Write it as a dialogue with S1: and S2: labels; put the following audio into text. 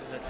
S1: да